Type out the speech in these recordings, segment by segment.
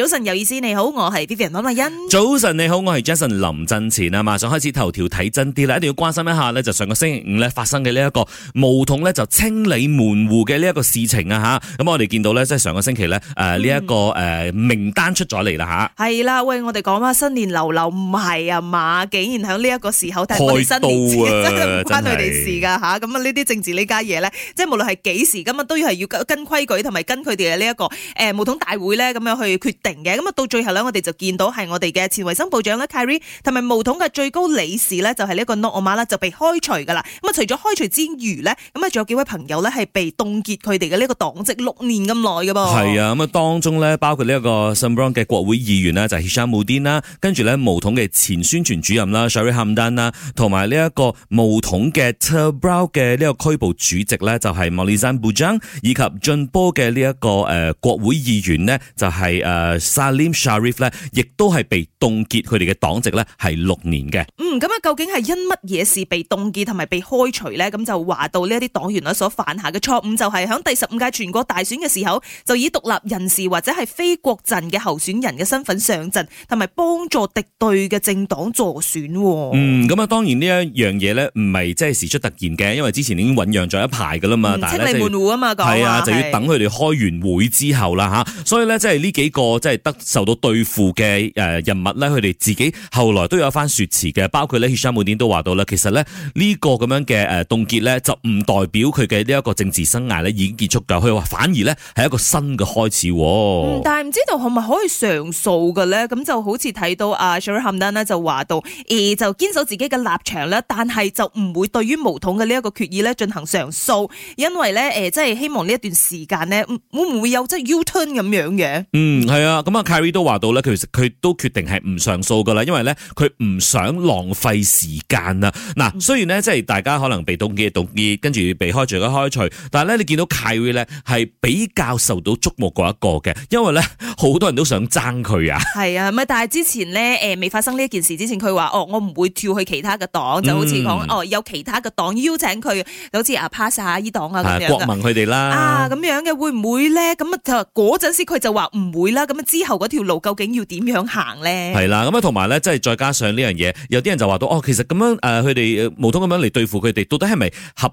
早晨有意思，你好，我係 B B 林麗欣。早晨你好，我係 Jason 林振前啊，馬上開始，頭條睇真啲啦，一定要關心一下咧，就上個星期五咧，發生嘅呢一個毛筒咧就清理門戶嘅呢一個事情啊吓，咁我哋見到咧即係上個星期咧誒呢一個誒名單出咗嚟啦吓。係啦，喂，我哋講返，新年流流唔係啊嘛，竟然喺呢一個時候，但係我新年真係唔關佢哋事噶吓。咁啊呢啲政治呢家嘢咧，即係無論係幾時咁啊，都要係要跟規矩同埋跟佢哋嘅呢一個誒毛筒大會咧咁樣去決定。嘅咁啊，到最後咧，我哋就見到係我哋嘅前衛生部長啦 Khairy 同埋巫統嘅最高理事呢，就係、是、呢個 Noh Omar 啦，就被開除噶啦。咁啊，除咗開除之餘呢，咁啊，仲有幾位朋友呢，係被凍結佢哋嘅呢個黨籍六年咁耐嘅噃。係啊，咁、嗯、啊，當中呢，包括呢一個 Sembrong 嘅國會議員呢，就係、是、Hishammuddin 啦，跟住呢，巫統嘅前宣傳主任啦，Sherry Hamdan 啦，同埋呢一個巫統嘅 Tebrau 嘅呢個區部主席呢，就係、是、Maulizan Bujang，以及晉波嘅呢一個誒、呃、國會議員呢，就係、是、誒。呃 Salim Sharif 亦都係被凍結佢哋嘅黨籍呢係六年嘅。嗯，咁啊，究竟係因乜嘢事被凍結同埋被開除呢？咁就話到呢一啲黨員啊所犯下嘅錯誤，就係喺第十五屆全國大選嘅時候，就以獨立人士或者係非國陣嘅候選人嘅身份上陣，同埋幫助敵對嘅政黨助選、哦。嗯，咁啊，當然呢一樣嘢呢，唔係即係事出突然嘅，因為之前已經醞釀咗一排噶啦嘛，但清理門戶啊嘛，係啊，就要等佢哋開完會之後啦吓。所以呢，即係呢幾個。即係得受到對付嘅誒人物咧，佢哋自己後來都有一番説辭嘅，包括咧 Hishamudin 都話到啦。其實咧呢個咁樣嘅誒凍結咧，就唔代表佢嘅呢一個政治生涯咧已經結束㗎。佢話反而咧係一個新嘅開始。嗯，但係唔知道係咪可以上訴㗎咧？咁就好似睇到阿 Shahril Hamdan 呢，就話到誒，就堅守自己嘅立場咧，但係就唔會對於巫統嘅呢一個決議咧進行上訴，因為咧誒即係希望呢一段時間呢，會唔會有即係 U turn 咁樣嘅？嗯，係、嗯、啊。啊，咁啊 Kerry 都話到咧，佢佢都決定係唔上訴噶啦，因為咧佢唔想浪費時間啊。嗱，雖然咧即係大家可能被動嘅動啲，跟住被開除咗開除，但係咧你見到 Kerry 咧係比較受到矚目嗰一個嘅，因為咧好多人都想爭佢啊。係啊，咪但係之前咧誒未發生呢一件事之前，佢話哦，我唔會跳去其他嘅黨，就好似講、嗯、哦有其他嘅黨邀請佢，好似阿帕薩伊黨啊咁、啊啊、樣嘅國民佢哋啦啊咁樣嘅會唔會咧？咁啊就嗰陣時佢就話唔會啦，咁、啊。之後嗰條路究竟要點樣行咧？係啦，咁啊同埋咧，即係再加上呢樣嘢，有啲人就話到哦，其實咁樣誒，佢哋巫統咁樣嚟對付佢哋，到底係咪合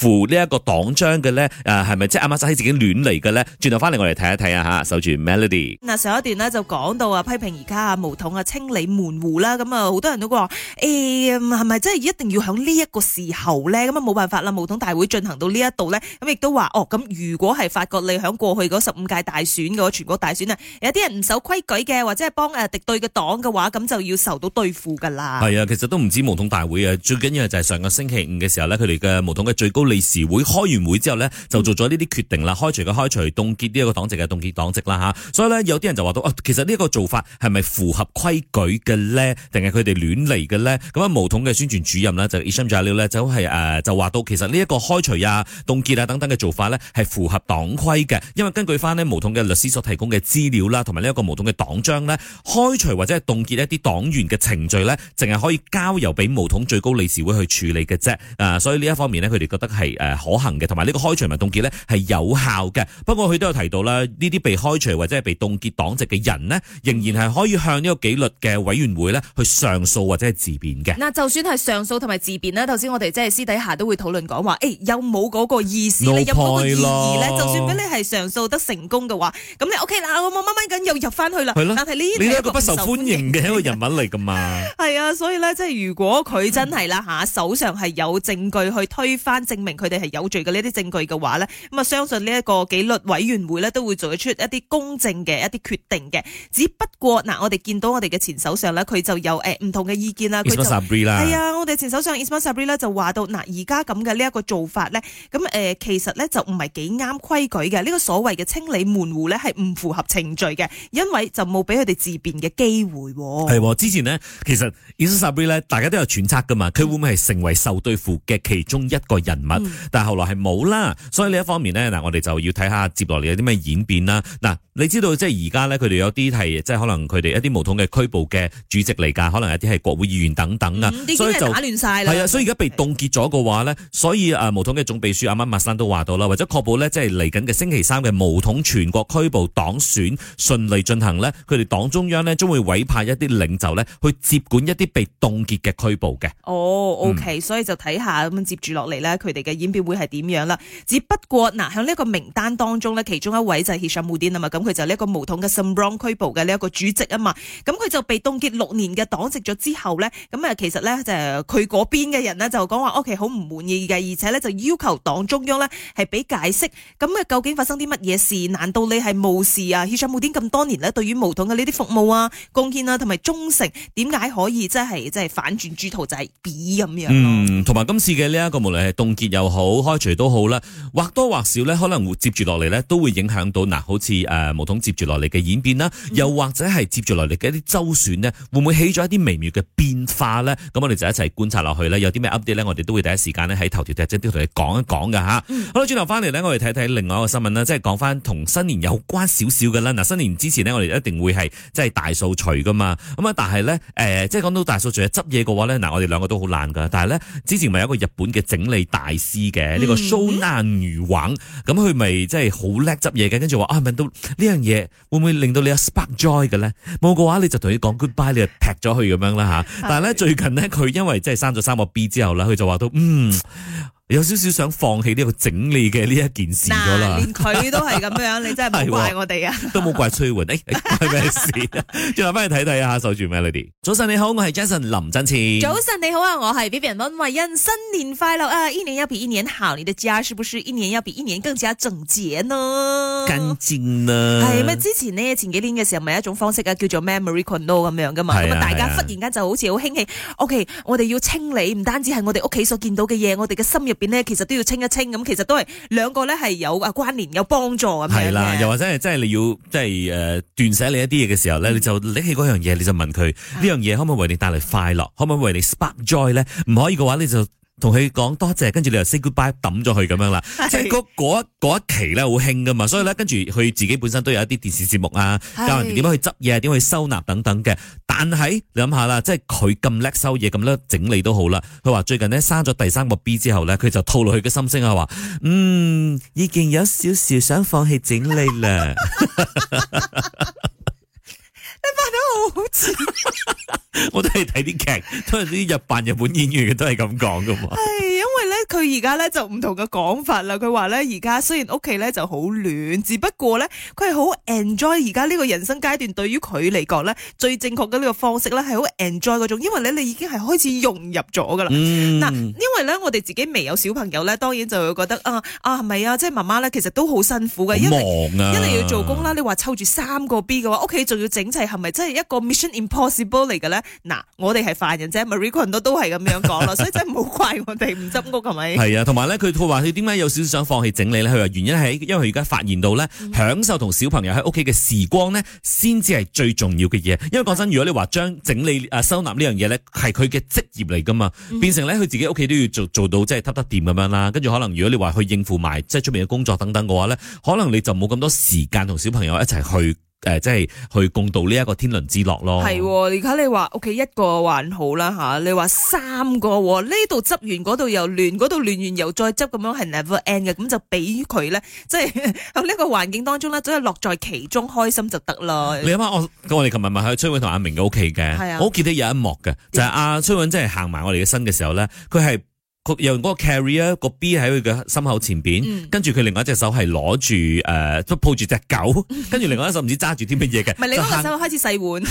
乎呢一個黨章嘅咧？誒，係咪即係阿馬薩喺自己亂嚟嘅咧？轉頭翻嚟我哋睇一睇啊吓，守住 Melody。嗱，上一段咧就講到啊，批評而家啊，巫統啊，清理門戶啦，咁啊，好多人都話誒，係咪真係一定要喺呢一個時候咧？咁啊，冇辦法啦，巫統大會進行到呢一度咧，咁亦都話哦，咁如果係發覺你喺過去嗰十五屆大選嘅全國大選啊。有啲人唔守規矩嘅，或者係幫誒、呃、敵對嘅黨嘅話，咁就要受到對付噶啦。係啊，其實都唔知巫統大會啊，最緊要就係上個星期五嘅時候咧，佢哋嘅巫統嘅最高理事會開完會之後咧，就做咗呢啲決定啦，嗯、開除嘅開除、凍結呢一個黨籍嘅凍結黨籍啦嚇、啊。所以咧，有啲人就話到、啊、其實呢一個做法係咪符合規矩嘅咧？定係佢哋亂嚟嘅咧？咁啊，巫統嘅宣傳主任呢，就 Isham Jalil 咧，就係誒就話到，其實呢一個開除啊、凍結啊等等嘅做法呢，係符合黨規嘅，因為根據翻呢巫統嘅律師所提供嘅資料。啦，同埋呢一個毛統嘅黨章咧，開除或者係凍結一啲黨員嘅程序咧，淨係可以交由俾毛統最高理事會去處理嘅啫。誒，所以呢一方面咧，佢哋覺得係誒可行嘅，同埋呢個開除同埋凍結咧係有效嘅。不過佢都有提到啦，呢啲被開除或者係被凍結黨籍嘅人咧，仍然係可以向呢個紀律嘅委員會咧去上訴或者係自辯嘅。嗱，就算係上訴同埋自辯咧，頭先我哋即係私底下都會討論講話，誒有冇嗰個意思咧，有冇嗰個意義咧？就算俾你係上訴得成功嘅話，咁你 O K 啦，我冇乜。緊又入翻去啦，的但係呢，呢一個不受歡迎嘅一個人物嚟噶嘛？係啊， 所以咧，即係如果佢真係啦吓， 手上係有證據去推翻證明佢哋係有罪嘅呢啲證據嘅話咧，咁啊，相信呢一個紀律委員會咧都會做出一啲公正嘅一啲決定嘅。只不過嗱，我哋見到我哋嘅前首相咧，佢就有誒唔、呃、同嘅意見啦。Ismail 啦，係啊，我哋前首相 Ismail Sabri 咧就話到嗱，而家咁嘅呢一個做法咧，咁、呃、誒其實咧就唔係幾啱規矩嘅。呢、這個所謂嘅清理門戶咧係唔符合程序。嘅，因為就冇俾佢哋自辯嘅機會。係、嗯，之前呢，其實 Isabri 咧，大家都有揣測噶嘛，佢會唔會係成為受對付嘅其中一個人物？嗯、但係後來係冇啦，所以呢一方面呢，嗱，我哋就要睇下接落嚟有啲咩演變啦。嗱。你知道即係而家咧，佢哋有啲係即係可能佢哋一啲無統嘅拘捕嘅主席嚟㗎，可能有啲係國會議員等等啊、嗯，所以就打亂晒啦，係啊，所以而家被凍結咗嘅話咧，所以啊無統嘅總秘書阿馬馬生都話到啦，或者確保咧即係嚟緊嘅星期三嘅無統全國拘捕黨選順利進行咧，佢哋黨中央呢，將會委派一啲領袖咧去接管一啲被凍結嘅拘捕嘅。哦，OK、嗯、所以就睇下咁接住落嚟咧，佢哋嘅演變會係點樣啦？只不過嗱，喺、呃、呢個名單當中咧，其中一位就係協上穆迪啊嘛，咁。佢就係呢一個巫統嘅 Sembrong 區部嘅呢一個主席啊嘛，咁佢就被凍結六年嘅黨籍咗之後咧，咁啊其實咧就佢嗰邊嘅人呢就講話屋企好唔滿意嘅，而且咧就要求黨中央呢係俾解釋，咁啊究竟發生啲乜嘢事？難道你係無事啊？Hishammuddin 冇點咁多年呢？對於巫統嘅呢啲服務啊、貢獻啊同埋忠誠，點解可以即係即係反轉豬肚就係屎咁樣？嗯，同埋今次嘅呢一個無論係凍結又好，開除都好啦，或多或少咧，可能會接住落嚟咧都會影響到嗱、呃，好似誒。呃唔通接住落嚟嘅演變啦，又或者係接住落嚟嘅一啲周旋呢，會唔會起咗一啲微妙嘅變化呢？咁我哋就一齊觀察落去啦。有啲咩 update 我哋都會第一時間咧喺頭條嘅即係啲同你講一講㗎吓，嗯、好啦，轉頭翻嚟呢，我哋睇睇另外一個新聞啦，即係講翻同新年有關少少嘅啦。嗱，新年之前呢，我哋一定會係即係大掃除噶嘛。咁啊，但係呢，誒、呃，即係講到大掃除執嘢嘅話呢，嗱，我哋兩個都好懶噶。但係呢，之前咪有一個日本嘅整理大師嘅呢、呢個收納女王，咁佢咪即係好叻執嘢嘅，跟住話啊，唔係呢樣嘢會唔會令到你有 spark joy 嘅咧？冇嘅話，你就同佢講 goodbye，你就劈咗佢咁樣啦吓。 但係咧 最近咧，佢因為即係生咗三個 B 之後咧，佢就話到嗯。有少少想放棄呢個整理嘅呢一件事咗啦、呃，連佢都係咁樣， 你真係唔怪我哋啊 都，都、哎、冇怪翠雲，誒，係咩事啊？再翻去睇睇啊，守住 Melody 早晨你好，我係 Jason 林振錢。早晨你好啊，我係 B B 溫慧欣，新年快樂啊！一年要比一年好，你哋家是不是一年要比一年更加整潔呢？乾淨啦，係咩？之前呢，前幾年嘅時候咪一種方式啊，叫做 Memory c o、no, e a n 咁樣噶嘛，咁啊，啊大家忽然間就好似好興起，OK，我哋要清理，唔單止係我哋屋企所見到嘅嘢，我哋嘅心入。邊咧其實都要清一清，咁其實都係兩個咧係有啊關聯有幫助咁係啦，又的或者係真係你要，即係誒斷捨離一啲嘢嘅時候咧、嗯，你就拎起嗰樣嘢，你就問佢呢是的 樣嘢可唔可以為你帶嚟快樂，可唔可以為你 spark joy 咧？唔可以嘅話，你就。同佢講多謝，跟住你又 say goodbye 抌咗佢咁樣啦，即係嗰嗰嗰一期咧好興噶嘛，所以咧跟住佢自己本身都有一啲電視節目啊，教人點樣去執嘢，點去收納等等嘅。但係你諗下啦，即係佢咁叻收嘢咁叻整理都好啦。佢話最近咧生咗第三個 B 之後咧，佢就吐露佢嘅心聲啊，話嗯，已經有少少想放棄整理啦。你發得好似～睇啲劇都係啲日版日本演員嘅，都係咁講噶嘛。佢而家咧就唔同嘅講法啦，佢話咧而家雖然屋企咧就好亂，只不過咧佢係好 enjoy 而家呢個人生階段，對於佢嚟講咧最正確嘅呢個方式咧係好 enjoy 嗰種，因為咧你已經係開始融入咗噶啦。嗱、嗯，因為咧我哋自己未有小朋友咧，當然就會覺得啊啊係咪啊，即係媽媽咧其實都好辛苦嘅，忙啊，一嚟要做工啦，你話湊住三個 B 嘅話，屋企仲要整齊，係咪真係一個 mission impossible 嚟嘅咧？嗱、啊，我哋係凡人啫，Marie Kondo 都係咁樣講啦， 所以真係唔好怪我哋唔執屋咁。係 啊，同埋咧，佢佢話佢點解有少少想放棄整理咧？佢話原因喺、嗯，因為佢而家發現到咧，享受同小朋友喺屋企嘅時光咧，先至係最重要嘅嘢。因為講真，如果你話將整理啊收納呢樣嘢咧，係佢嘅職業嚟噶嘛，變成咧佢自己屋企都要做做到即係得得掂咁樣啦。跟住可能如果你話去應付埋即係出面嘅工作等等嘅話咧，可能你就冇咁多時間同小朋友一齊去。誒，即係去共度呢一個天倫之樂咯。係，而家你話屋企一個還好啦吓，你話三個呢度執完，嗰度又亂，嗰度亂完又再執，咁樣係 never end 嘅。咁就俾佢咧，即係喺呢個環境當中咧，都係樂在其中，開心就得啦。你諗下，我我哋琴日咪喺崔允同阿明嘅屋企嘅，係啊，我記得有一幕嘅，就係阿崔允真係行埋我哋嘅身嘅時候咧，佢係。佢用嗰 carrier 個 B 喺佢嘅心口前邊，跟住佢另外一隻手係攞住誒都抱住隻狗，跟住、嗯、另外一隻手唔知揸住啲乜嘢嘅。唔係你嗰個手開始洗碗。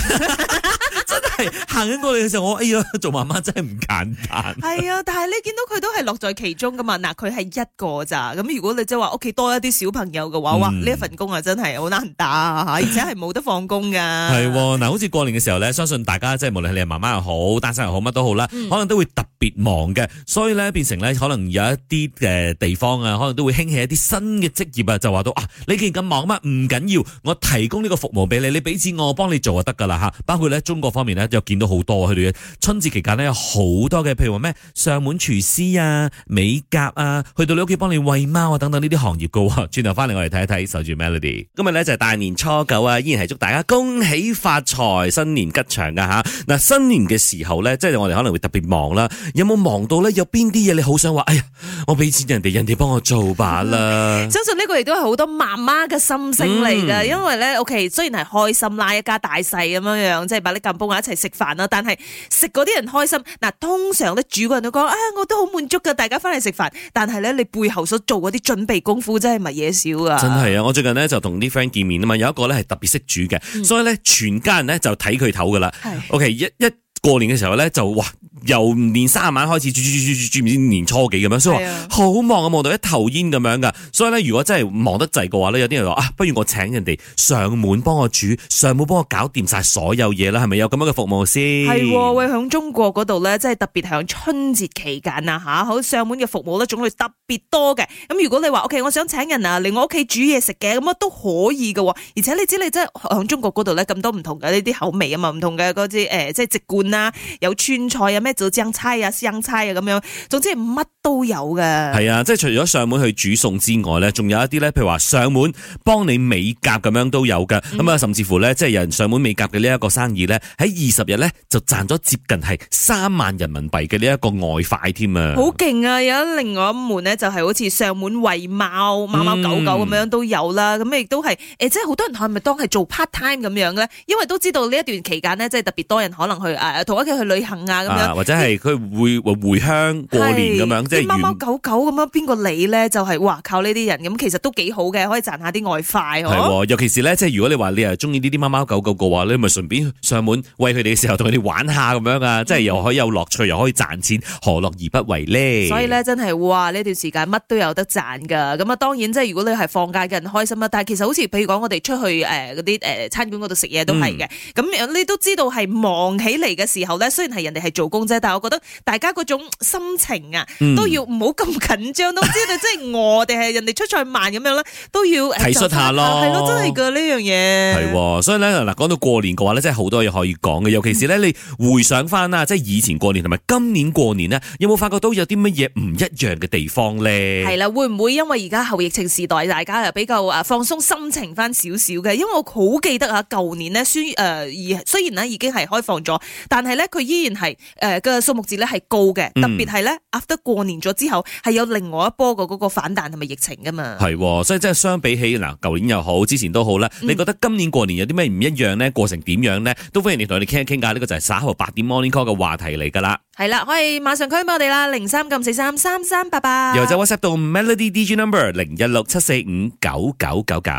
行緊過嚟嘅時候，我哎呀，做媽媽真係唔簡單。係啊，但係你見到佢都係樂在其中噶嘛？嗱，佢係一個咋？咁如果你即係話屋企多一啲小朋友嘅話，哇，呢一份工啊，真係好難打吓，而且係冇得放工噶。係嗱，好似過年嘅時候咧，相信大家即係無論你係媽媽又好，單身又好，乜都好啦，可能都會特別忙嘅。所以咧，變成咧，可能有一啲嘅地方啊，可能都會興起一啲新嘅職業啊，就話到啊，你既然咁忙啊嘛，唔緊要，我提供呢個服務俾你，你俾錢我幫你做就得噶啦吓。包括咧中國方面咧。又見到好多佢哋，春節期間呢，有好多嘅，譬如話咩上門廚師啊、美甲啊，去到你屋企幫你餵貓啊，等等呢啲行業噶啊。轉頭翻嚟我哋睇一睇守住 Melody。今日呢，就係、是、大年初九啊，依然係祝大家恭喜發財、新年吉祥噶嚇。嗱、啊、新年嘅時候呢，即係我哋可能會特別忙啦。有冇忙到呢？有邊啲嘢你好想話？哎呀，我俾錢人哋，人哋幫我做罷啦、嗯。相信呢個亦都係好多媽媽嘅心聲嚟噶，因為呢，OK，雖然係開心啦，一家大細咁樣樣，即係把啲咁幫一齊。食飯啊，但係食嗰啲人開心嗱，通常咧煮嗰人都講啊、哎，我都好滿足噶，大家翻嚟食飯，但係咧你背後所做嗰啲準備功夫真係唔係嘢少啊！真係啊，我最近咧就同啲 friend 見面啊嘛，有一個咧係特別識煮嘅，嗯、所以咧全家人咧就睇佢頭噶啦。係，OK 一一過年嘅時候咧就哇。由年卅晚開始，年初幾咁是、啊、樣，所以話好忙啊，忙到一頭煙咁樣噶。所以咧，如果真係忙得滯嘅話咧，有啲人話啊，不如我請人哋上門幫我煮，上門幫我搞掂晒所有嘢啦，係咪有咁樣嘅服務先？係喎、啊，喺中國嗰度咧，真係特別係喺春節期間啊，吓，喺上門嘅服務咧，種類特別多嘅。咁如果你話 OK，我想請人啊嚟我屋企煮嘢食嘅，咁啊都可以嘅。而且你知你真係喺中國嗰度咧咁多唔同嘅呢啲口味啊嘛，唔同嘅嗰啲誒，即係籍貫啦，有川菜啊咩？做正差啊、生差啊咁樣，總之乜都有嘅。係啊，即係除咗上門去煮餸之外咧，仲有一啲咧，譬如話上門幫你美甲咁樣都有嘅。咁啊、嗯，甚至乎咧，即係有人上門美甲嘅呢一個生意咧，喺二十日咧就賺咗接近係三萬人民幣嘅呢一個外快添啊！好勁啊！有另外一門咧，就係好似上門喂貓、貓貓狗狗咁樣都有啦。咁亦、嗯、都係誒、欸，即係好多人係咪當係做 part time 咁樣嘅？因為都知道呢一段期間咧，即係特別多人可能去誒、啊、同屋企去旅行啊咁樣。啊即係佢會回鄉過年咁樣，是即係貓貓狗狗咁樣，邊個理咧？就係、是、哇，靠呢啲人咁，其實都幾好嘅，可以賺下啲外快、哦哦。尤其是咧，即係如果你話你係中意呢啲貓貓狗狗嘅話，你咪順便上門餵佢哋嘅時候，同佢哋玩下咁樣啊！即係又可以有樂趣，又可以賺錢，何樂而不為呢？所以咧，真係哇！呢段時間乜都有得賺噶。咁啊，當然即係如果你係放假嘅人，開心啊。但係其實好似譬如講，我哋出去誒嗰啲餐館嗰度食嘢都係嘅。咁、嗯、你都知道係忙起嚟嘅時候咧，雖然係人哋係做工。但係我覺得大家嗰種心情啊，都要唔好咁緊張，都知道即係我哋係人哋出賽慢咁樣啦，都要體恤下咯，係咯，真係噶呢樣嘢。係，所以咧嗱，講到過年嘅話咧，真係好多嘢可以講嘅，尤其是咧你回想翻啦，即係以前過年同埋今年過年咧，有冇發覺到有啲乜嘢唔一樣嘅地方咧？係啦，會唔會因為而家後疫情時代，大家又比較啊放鬆心情翻少少嘅？因為我好記得啊，舊年呢，雖誒而雖然咧已經係開放咗，但係咧佢依然係誒。呃嘅數目字咧係高嘅，特別係咧 after 過年咗之後係有另外一波嘅嗰個反彈同埋疫情噶嘛，係，所以真係相比起嗱，舊年又好，之前都好啦。你覺得今年過年有啲咩唔一樣咧？過程點樣咧？都歡迎你同我哋傾一傾噶。呢個就係稍後八點 morning call 嘅話題嚟噶啦。係啦，可以馬上 call 埋我哋啦，零三九四三三三八八。又或者 WhatsApp 到 Melody DJ Number 零一六七四五九九九九。